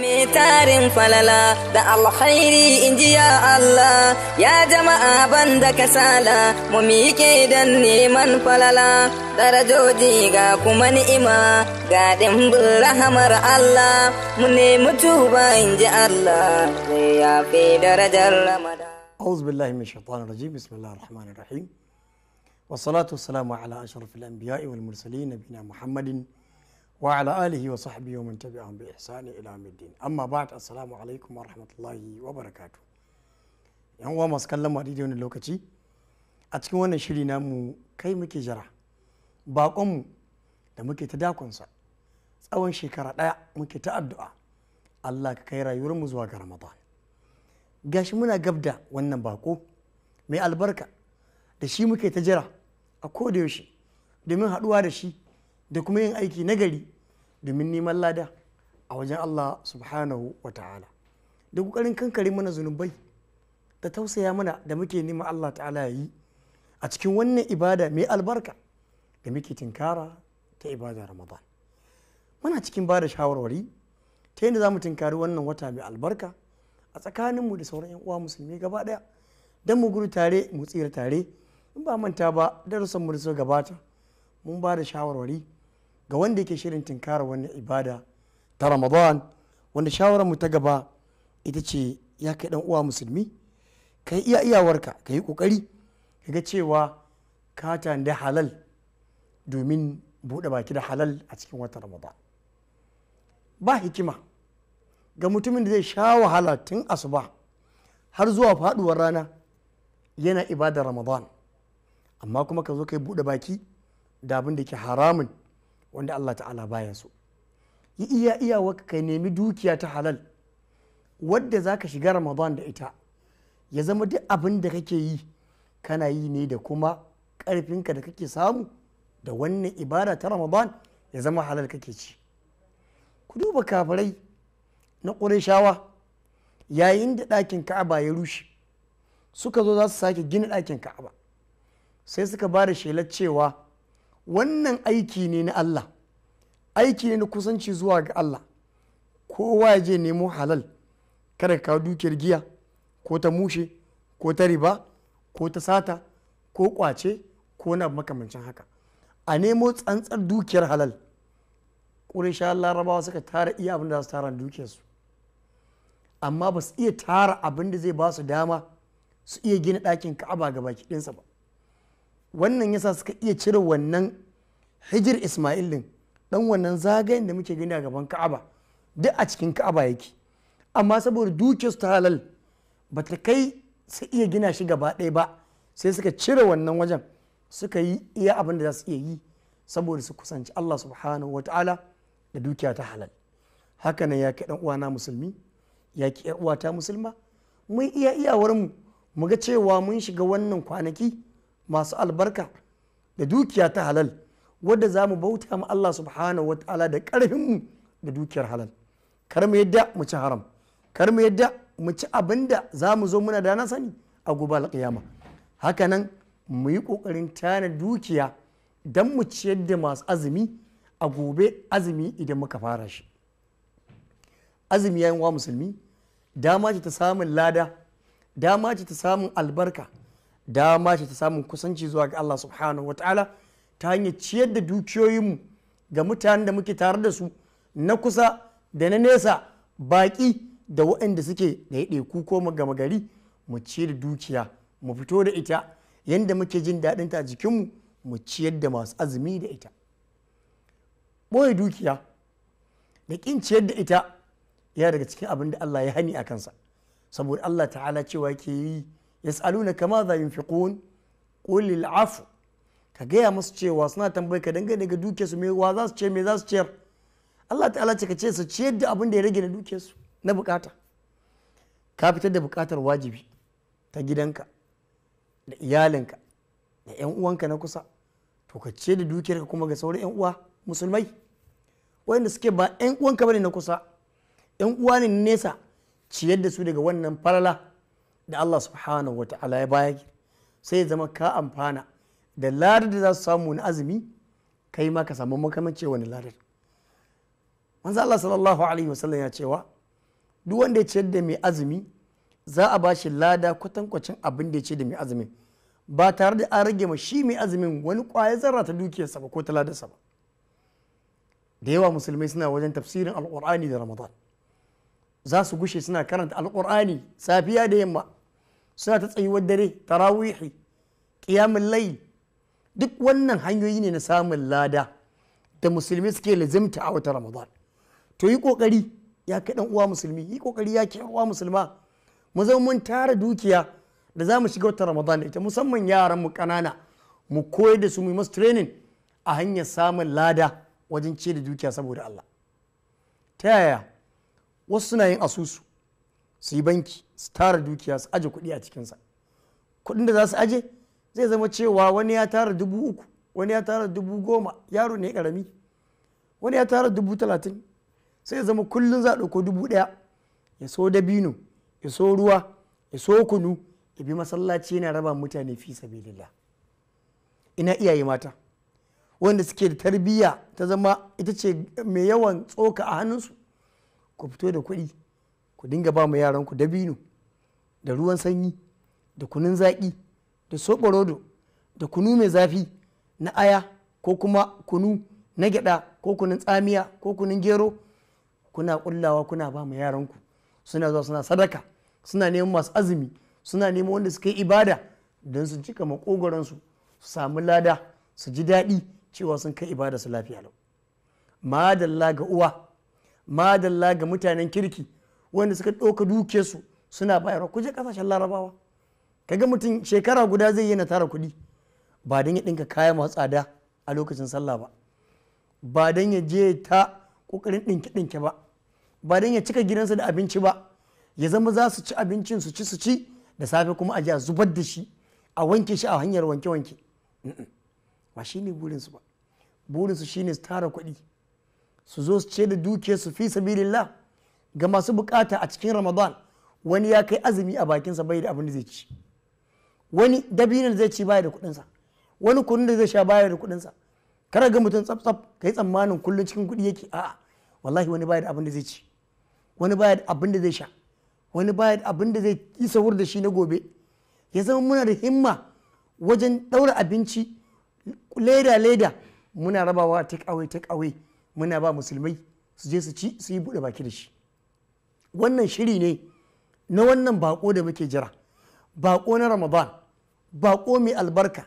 mai tarin falala da alkhairi in ji ya Allah ya jama'a banda kasala mu miƙe don neman falala darajoji ga kuma ni'ima ga dimbin rahamar Allah mu nemi tuba in ji Allah zai yafi darajar Ramadan. أعوذ بالله من الشيطان الرجيم بسم الله الرحمن الرحيم والصلاة والسلام wa ala alihi wa sahbihi wa man a bi ihsani ila yawmiddin amma ba'd asalamu alaikum wa rahmatullahi wa barakatu yan uwa masu kallon mu da wani lokaci a cikin wannan shiri mu kai muke jira bakon mu da muke ta dakonsa tsawon shekara ɗaya muke ta addu'a Allah ka kai rayuwar mu zuwa ga Ramadan gashi muna gabda wannan bako mai albarka da shi muke ta jira a koda yaushe domin haɗuwa da shi da kuma yin aiki nagari domin neman lada a wajen Allah subhanahu wa ta'ala da ƙoƙarin kankare mana zunubai da tausaya mana da muke nema Allah ta'ala ya yi a cikin wannan ibada mai albarka da muke tinkara ta ibada ramadan muna cikin ba da shawarwari ta yadda za mu tinkari wannan wata mai albarka a tsakaninmu da sauran 'yan uwa musulmi gaba ɗaya don mu gudu tare mu tsira tare in ba manta ba darussan mu da gabata mun ba da shawarwari ga wanda yake shirin tinkara wani ibada ta ramadan wanda shawarar mu ta gaba ita ce ya kai dan uwa musulmi ka iya iyawarka ka yi kokari ka ga cewa ka tanda halal domin buɗe baki da halal a cikin wata ramadan ba hikima ga mutumin da zai sha wahala tun asuba har zuwa faduwar rana yana ibada ramadan amma kuma ka zo ka yi buɗe baki da abin da ke haramun wanda Allah ta'ala bayan su yi iya iyawa ka nemi dukiya ta halal wadda za ka shiga ramadan da ita ya zama duk abin da kake yi kana yi ne da kuma ƙarfinka da kake samu da wannan ibada ta ramadan ya zama halal kake ci ku duba kafirai na ƙurashawa yayin da ɗakin ka'aba ya rushe suka zo za su sake gina ɗakin ka'aba sai suka ba da shelar cewa wannan aiki ne na Allah aiki ne na kusanci zuwa ga Allah kowa ya je nemo halal kada ka dukiyar giya ko ta mushe ko ta riba ko ta sata ko kwace ko na makamancin haka a nemo tsantsar dukiyar halal ƙurisha larabawa suka tara iya abin da su tara dukiyarsu amma ba su iya tara abin da zai ba su dama su iya gina ɗakin ka'aba ga baki ɗinsa ba wannan yasa suka iya cire wannan hijir ismail din dan wannan zagayen da muke gani a gaban ka'aba duk a cikin ka'aba yake amma saboda dukiyarsu ta halal ba ta kai su iya gina shi gaba ɗaya ba sai suka cire wannan wajen suka yi iya abin da za su iya yi saboda su kusanci Allah subhanahu wata'ala da dukiya ta halal haka nan ya kai dan uwana musulmi ya ki uwata musulma mun iya iyawarmu mu ga cewa mun shiga wannan kwanaki masu albarka da dukiya ta halal wadda za mu bauta ma Allah subhanahu wa ta'ala da mu da dukiyar halal kar mu yadda mu ci haram kar mu yadda mu ci abinda za mu zo muna da na sani a gobe Haka nan mu yi ƙoƙarin tana dukiya don mu ci yadda masu azumi a gobe azumi idan muka fara shi azumi yayin wa musulmi dama ce ta samun lada dama ce ta samun albarka dama ce ta samun kusanci zuwa ga Allah subhanahu wa ta'ala ta hanyar ciyar da dukiyoyinmu ga mutanen da muke tare da su na kusa da na nesa baƙi da waɗanda suke da ɗeku ko gama gari mu ciyar da dukiya mu fito da ita yadda muke jin daɗin ta jikinmu mu ciyar da masu azumi da ita ɓoye dukiya da ƙin ciyar da ita yana daga cikin abin da Allah ya hani a kansa saboda Allah ta'ala cewa ke yi yas'alunaka madha yunfiqun qul lil afu ka gaya musu cewa suna tambayi ka dangane ga duke su me wa za su ce me za su ciyar Allah ta'ala ce ka ce su ciyar da abin da ya rage na duke su na bukata ka fitar da bukatar wajibi ta gidanka da iyalinka da yan uwanka na kusa to ka ce da dukiyarka kuma ga sauran yan uwa musulmai wanda suke ba yan uwanka bane na kusa yan uwa ne nesa ciyar da su daga wannan falala da Allah subhanahu wa ta'ala ya baya sai ya zama ka amfana da ladar da za su samu na azumi kai ma ka samu makamance wani ladar manzo Allah sallallahu alaihi wasallam ya cewa duk wanda ya ciyar da mai azumi za a bashi lada kwatankwacin abin da ya ce da mai azumin ba tare da an rage ma shi mai azumin wani kwaya zara ta dukiyarsa ba ko ta ladarsa ba da yawa musulmai suna wajen tafsirin alkur'ani da ramadan za su gushe suna karanta alkur'ani safiya da yamma suna ta tsayuwar dare tarawihi ƙiyamin layi. duk wannan hanyoyi ne na samun lada da musulmi suke lazimta a wata ramadan to yi kokari ya kai ɗan uwa musulmi yi kokari ya kai uwa musulma mu zama mun tara dukiya da za mu shiga wata ramadan da ita musamman yaran mu ƙanana, mu koyar da su mu masu training a hanyar samun lada wajen ce da dukiya saboda Allah ta yaya wasu suna yin asusu su yi banki su tara dukiya su aje kuɗi a cikinsa kuɗin da za su aje zai zama cewa wani ya tara dubu uku wani ya tara dubu goma yaro ne karami wani ya tara dubu talatin sai ya zama kullum za a ɗauko dubu ɗaya ya so dabino ya so ruwa ya so kunu ya bi masallaci yana raba mutane fi sabilillah ina iyaye mata wanda suke da tarbiyya ta zama ita ce mai yawan tsoka a hannunsu ku fito da kuɗi ku dinga ba mu yaranku dabino da ruwan sanyi da kunun zaƙi da soɓorodo da kunu mai zafi na aya ko kuma kunu na gyaɗa ko kunun tsamiya ko kunun gero kuna ƙullawa kuna ba mu yaranku suna zuwa suna sadaka suna neman masu azumi suna neman wanda suka yi ibada don su cika makogoransu su samu lada su ji daɗi cewa sun kai ibada su lafiya lau madalla ga uwa madalla ga mutanen kirki wanda suka ɗauka duke su suna bayarwa ku je kasashen larabawa kaga mutum shekara guda zai yi na tara kuɗi ba don ya ɗinka kaya masu tsada a lokacin sallah ba ba don ya je ta ƙoƙarin ɗinke-ɗinke ba ba don ya cika gidansa da abinci ba ya zama za su ci abincin su ci su ci da safe kuma a ji a zubar da shi a wanke shi a hanyar wanke-wanke ba shi ne burinsu ba burinsu shine su tara kuɗi su zo su ce da duke su fi sabilillah ga masu bukata a cikin ramadan wani ya kai azumi a bakinsa bai da abin da zai ci wani dabinin zai ci baya da kudinsa wani kudin da zai sha baya da kudinsa kada ga mutum tsaf tsaf yi tsammanin kullum cikin kudi yake a'a wallahi wani baya da abin da zai ci wani baya da abin da zai sha wani baya da abin da zai yi sahur da shi na gobe ya zama muna da himma wajen ɗaura abinci leda leda muna rabawa take away take away muna ba musulmai su je su ci su yi bude baki da shi wannan shiri ne na wannan bako da muke jira bako na ramadan bako mai albarka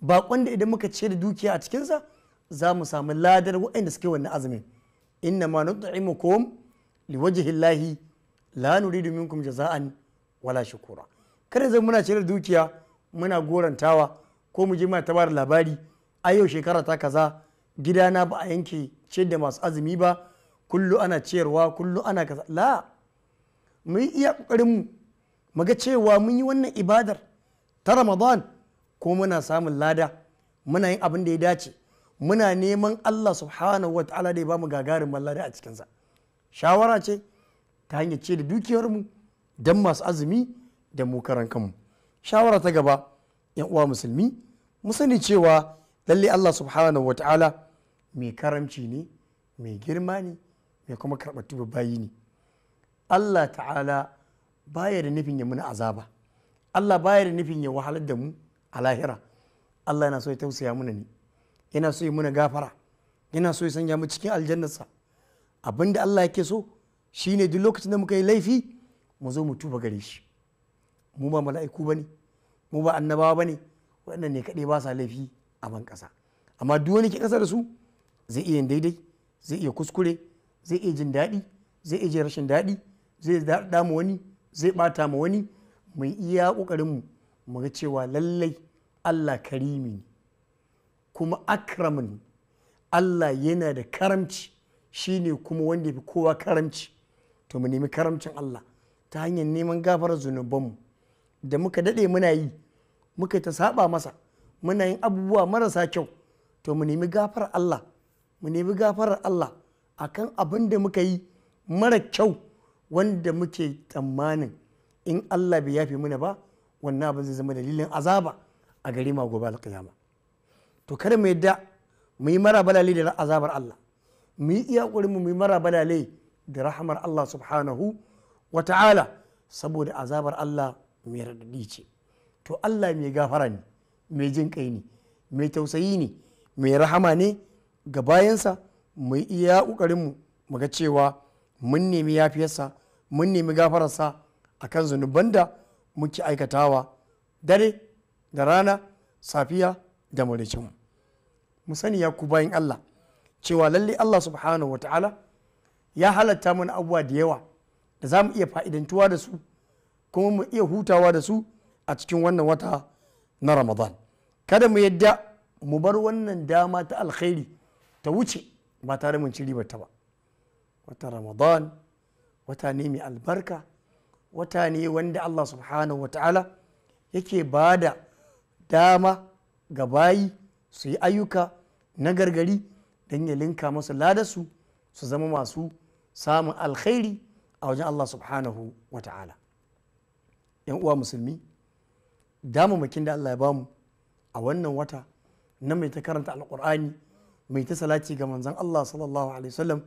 bakon da idan muka ce da dukiya a cikinsa za mu samu ladar waɗanda suke wannan azumin inna ma nut'imukum liwajhillahi la nuridu minkum jaza'an wala shukura kada zai muna ce da dukiya muna gorantawa ko mu je muna ta bada labari a yau shekara ta kaza gidana ba a yanke ce da masu azumi ba kullu ana ciyarwa kullu ana kaza la mu yi iya ƙoƙarinmu mu ga cewa mun yi wannan ibadar ta ramadan ko muna samun lada muna yin abin da ya dace muna neman allah subhanahu wa ta'ala da ya bamu gagarin lada a cikinsa shawara ce ta hanyar ce da dukiyarmu don masu azumi da mu karan kanmu shawara ta gaba yan uwa musulmi mu sani cewa lalle allah subhanahu wa ta'ala mai karamci ne mai girma ne mai kuma karɓar bayi ne Allah ta'ala baya da nufin ya muna azaba Allah baya da nufin ya wahalar da mu a lahira Allah yana so ya tausaya muna ne yana so ya muna gafara yana so ya sanya mu cikin aljannarsa abinda Allah yake so shi ne duk lokacin da muka yi laifi mu zo mu tuba gare shi mu ba mala'iku bane mu ba annabawa ne. waɗannan ne kaɗai ba sa laifi a ban ƙasa amma duk wani ke ƙasa da su zai iya daidai zai iya kuskure zai iya jin daɗi zai iya rashin daɗi zai mu wani zai ɓata ma wani mu iya kokarin mu ga cewa lallai allah karimi ne kuma akramin allah yana da karamci shine kuma wanda fi kowa karamci to mu nemi karamcin allah ta hanyar neman gafarar zunubanmu da muka dade muna yi muka ta saba masa muna yin abubuwa marasa kyau to mu nemi gafarar allah mu nemi gafarar allah akan abin da muka yi mara kyau wanda muke tsammanin in Allah bai yafe mana ba wannan abin zai zama dalilin azaba a gari ma gobe alƙiyama to kada mu yadda mu yi mara balale da azabar Allah mu yi iya mu yi mara balale da rahamar Allah subhanahu wa ta'ala saboda azabar Allah mai raɗaɗi ce to Allah mai gafara ne mai jin kai ne mai tausayi ne mai rahama ne ga bayansa mu iya ƙoƙarinmu mu ga cewa mun nemi yafiyarsa mun nemi gafararsa a kan zunuban da muke aikatawa dare da rana safiya da mu mu sani ya ku bayan allah cewa lalle allah subhanahu wata'ala ya halatta mana abuwa da yawa da za mu iya fa'idantuwa da su kuma mu iya hutawa da su a cikin wannan wata na ramadan kada mu yadda mu bar wannan dama ta alkhairi ta wuce ba tare mun ci ribar ta ba wata ramadan wata ne mai albarka wata ne wanda Allah subhanahu wata'ala yake ba da dama ga bayi su yi ayyuka na gargari don ya linka masu ladarsu su zama masu samun alkhairi a wajen Allah subhanahu wata'ala yan uwa musulmi damamakin da Allah ya bamu a wannan wata na mai ta karanta alkur'ani mai ta salati ga manzan Allah sallallahu alaihi wasallam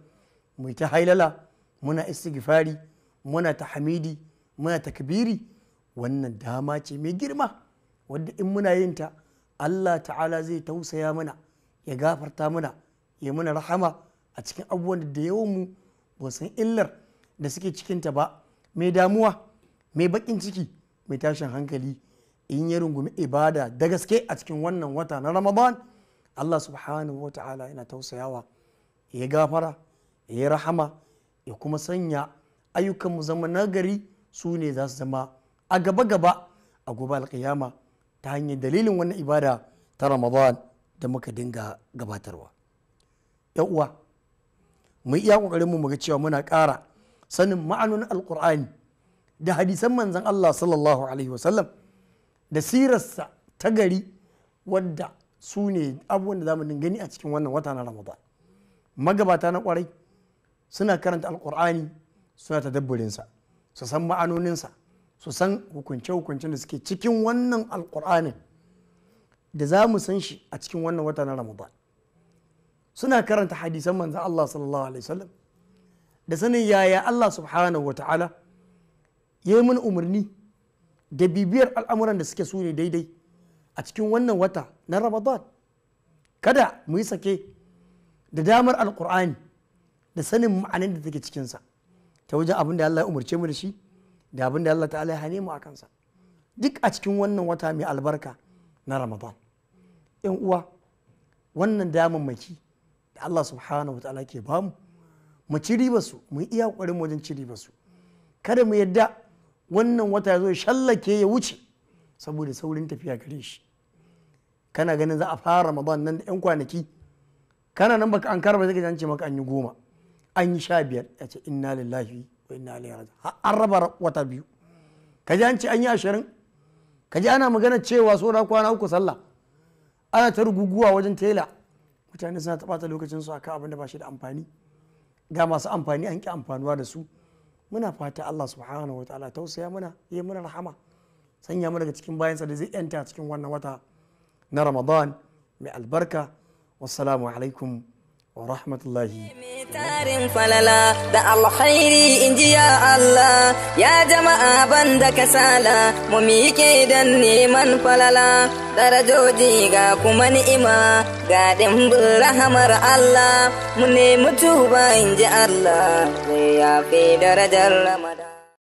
mai ta hailala muna istighfari muna tahmidi muna takbiri wannan dama ce mai girma wadda in muna yin ta Allah ta'ala zai tausaya mana ya gafarta mana ya mana rahama a cikin abubuwan da yawan mu ba san illar da suke cikinta ba mai damuwa mai bakin ciki mai tashin hankali in ya rungumi ibada da gaske a cikin wannan wata na ramadan Allah subhanahu wa ta'ala yana tausayawa ya gafara ya rahama ya kuma sanya ayyukan mu zama nagari su ne za su zama a gaba gaba a gobe alkiyama ta hanyar dalilin wannan ibada ta ramadan da muka dinga gabatarwa yan uwa mu iya kokarin mu muga cewa muna ƙara sanin ma'anonin alkur'ani da hadisan manzon Allah sallallahu alaihi wasallam da sirarsa ta gari wadda su ne abubuwan da zamu gani a cikin wannan wata na ramadan magabata na kwarai suna karanta alkur'ani suna ta su san ma'anoninsa su san hukunce-hukuncen da suke cikin wannan alkur'anin da za mu san shi a cikin wannan wata na ramadan suna karanta hadisan manzan allah sallallahu alaihi wasallam da sanin yaya allah subhanahu wa ta'ala ya yi mana umarni da bibiyar al'amuran da suke su ne daidai a cikin wannan wata na ramadan kada mu yi sake da damar alkur'ani da sanin ma'anin da take cikinsa ta wajen abin da Allah ya umarce mu da shi da abin da Allah ta'ala ya hane mu a kansa duk a cikin wannan wata mai albarka na ramadan yan uwa wannan damammaki da Allah subhanahu wa ke bamu mu ci riba su, mu iya ƙwarin wajen ci riba su. kada mu yadda wannan wata ya zo shallake ya wuce saboda saurin tafiya gare shi kana ganin za a fara ramadan nan da 'yan kwanaki kana nan baka an karba zai ce maka an yi goma an yi sha biyar ya ce inna lillahi wa inna ilaihi raji'un an raba wata biyu ka ji an ce an yi ashirin ka ji ana magana cewa saura kwana uku sallah ana ta ruguguwa wajen tela mutane suna ta ɓata lokacin su akan abin da ba shi da amfani ga masu amfani an ki amfanuwa da su muna fata Allah subhanahu wa ta'ala tausaya mana yi mana rahama sanya mu daga cikin bayansa da zai yanta cikin wannan wata na Ramadan mai albarka wassalamu alaikum wa rahmatullahi tarin falala da alkhairi in Allah ya jama'a banda kasala mu miƙe don neman falala darajoji ga kuma ni'ima ga dimbin Allah Allah yafi darajar Ramadan